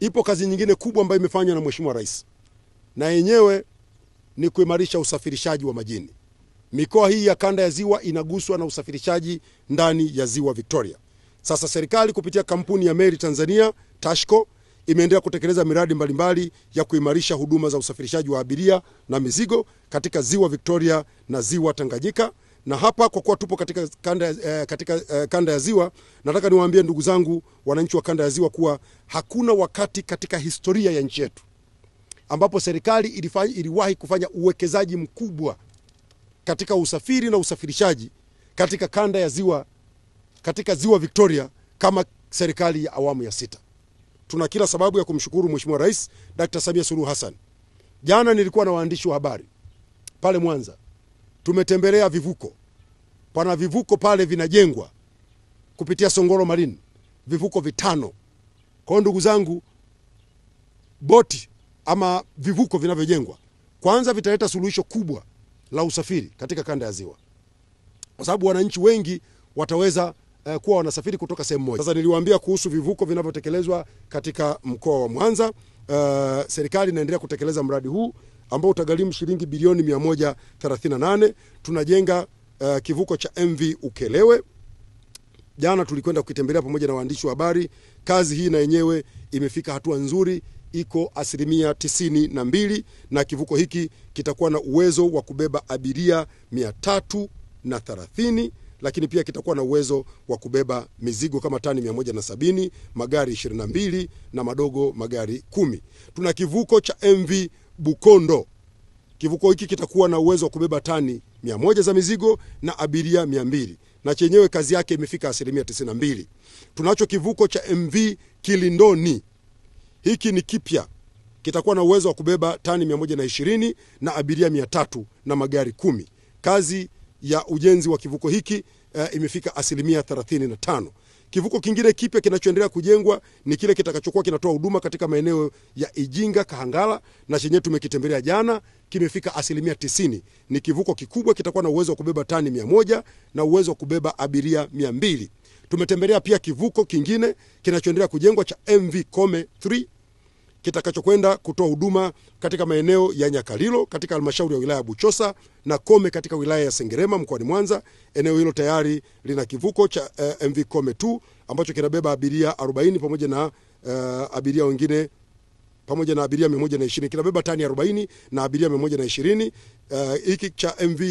Ipo kazi nyingine kubwa ambayo imefanywa na Mheshimiwa Rais na yenyewe ni kuimarisha usafirishaji wa majini. Mikoa hii ya kanda ya ziwa inaguswa na usafirishaji ndani ya ziwa Victoria. Sasa serikali kupitia kampuni ya meli Tanzania Tashco imeendelea kutekeleza miradi mbalimbali ya kuimarisha huduma za usafirishaji wa abiria na mizigo katika ziwa Victoria na ziwa Tanganyika na hapa kwa kuwa tupo katika kanda, eh, katika eh, kanda ya Ziwa, nataka niwaambie ndugu zangu wananchi wa kanda ya Ziwa kuwa hakuna wakati katika historia ya nchi yetu ambapo serikali ilifanya, iliwahi kufanya uwekezaji mkubwa katika usafiri na usafirishaji katika kanda ya Ziwa, katika Ziwa Victoria kama serikali ya awamu ya sita. Tuna kila sababu ya kumshukuru Mheshimiwa Rais Dr. Samia Suluhu Hassan. Jana nilikuwa na waandishi wa habari pale Mwanza tumetembelea vivuko. Pana vivuko pale vinajengwa kupitia Songoro Marine, vivuko vitano. Kwa hiyo ndugu zangu, boti ama vivuko vinavyojengwa kwanza vitaleta suluhisho kubwa la usafiri katika kanda ya ziwa, kwa sababu wananchi wengi wataweza eh, kuwa wanasafiri kutoka sehemu moja. Sasa niliwaambia kuhusu vivuko vinavyotekelezwa katika mkoa wa Mwanza. Uh, serikali inaendelea kutekeleza mradi huu ambao utagharimu shilingi bilioni 138. Tunajenga uh, kivuko cha MV Ukelewe. Jana tulikwenda kukitembelea pamoja na waandishi wa habari. Kazi hii na yenyewe imefika hatua nzuri, iko asilimia tisini na mbili na kivuko hiki kitakuwa na uwezo wa kubeba abiria mia tatu na thelathini lakini pia kitakuwa na uwezo wa kubeba mizigo kama tani sabini magari 22 na madogo magari kumi. Tuna kivuko cha MV Bukondo. Kivuko hiki kitakuwa na uwezo wa kubeba tani moja za mizigo na abiria mbili na chenyewe kazi yake imefika asilimia 92. Tunacho kivuko cha MV Kilindoni, hiki ni kipya, kitakuwa na uwezo wa kubeba tani 120 na abiria tatu na magari kumi. Kazi ya ujenzi wa kivuko hiki uh, imefika asilimia 35. Kivuko kingine kipya kinachoendelea kujengwa ni kile kitakachokuwa kinatoa huduma katika maeneo ya Ijinga, Kahangala na chenyewe tumekitembelea jana, kimefika asilimia tisini. Ni kivuko kikubwa, kitakuwa na uwezo wa kubeba tani mia moja na uwezo wa kubeba abiria mia mbili. Tumetembelea pia kivuko kingine kinachoendelea kujengwa cha MV Kome 3 kitakachokwenda kutoa huduma katika maeneo ya Nyakalilo katika halmashauri ya wilaya ya Buchosa na Kome katika wilaya ya Sengerema mkoani Mwanza. Eneo hilo tayari lina kivuko cha uh, eh, MV Kome 2 ambacho kinabeba abiria 40 pamoja na uh, abiria wengine pamoja na abiria 120 kinabeba tani 40 na abiria 120. Eh, hiki uh, cha MV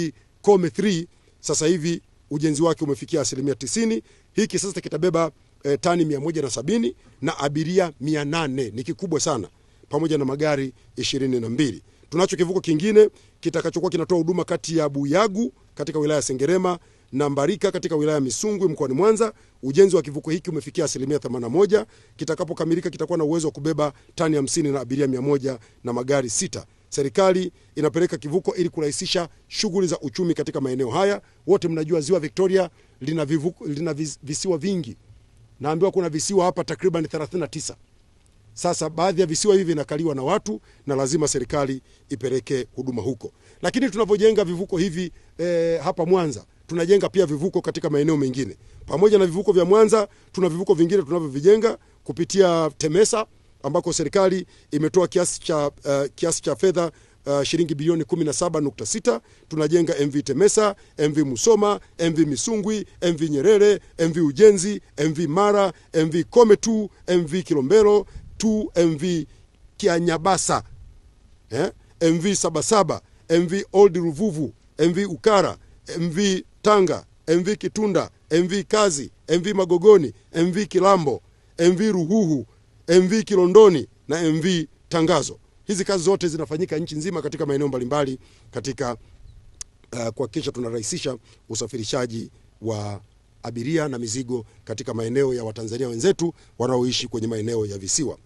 Kome 3 sasa hivi ujenzi wake umefikia asilimia 90. Hiki sasa kitabeba e, tani mia moja na sabini na abiria mia nane ni kikubwa sana, pamoja na magari ishirini na mbili. Tunacho kivuko kingine kitakachokuwa kinatoa huduma kati ya Buyagu katika wilaya ya Sengerema na Mbarika katika wilaya ya Misungwi mkoani Mwanza. Ujenzi wa kivuko hiki umefikia asilimia 81. Kitakapokamilika kitakuwa na uwezo wa kubeba tani 50 na abiria 100 na magari sita. Serikali inapeleka kivuko ili kurahisisha shughuli za uchumi katika maeneo haya. Wote mnajua ziwa Victoria lina, vivuko, lina vis, visiwa vingi naambiwa kuna visiwa hapa takriban 39. Sasa baadhi ya visiwa hivi vinakaliwa na watu na lazima serikali ipeleke huduma huko, lakini tunavyojenga vivuko hivi e, hapa Mwanza tunajenga pia vivuko katika maeneo mengine. Pamoja na vivuko vya Mwanza, tuna vivuko vingine tunavyovijenga kupitia TEMESA ambako serikali imetoa kiasi cha, uh, kiasi cha fedha uh, shilingi bilioni 17.6. Tunajenga MV Temesa, MV Musoma, MV Misungwi, MV Nyerere, MV Ujenzi, MV Mara, MV Kome tu, MV Kilombero tu, MV Kianyabasa eh? MV Sabasaba, MV Old Ruvuvu, MV Ukara, MV Tanga, MV Kitunda, MV Kazi, MV Magogoni, MV Kilambo, MV Ruhuhu, MV Kilondoni na MV Tangazo. Hizi kazi zote zinafanyika nchi nzima katika maeneo mbalimbali katika uh, kuhakikisha tunarahisisha usafirishaji wa abiria na mizigo katika maeneo ya Watanzania wenzetu wanaoishi kwenye maeneo ya visiwa.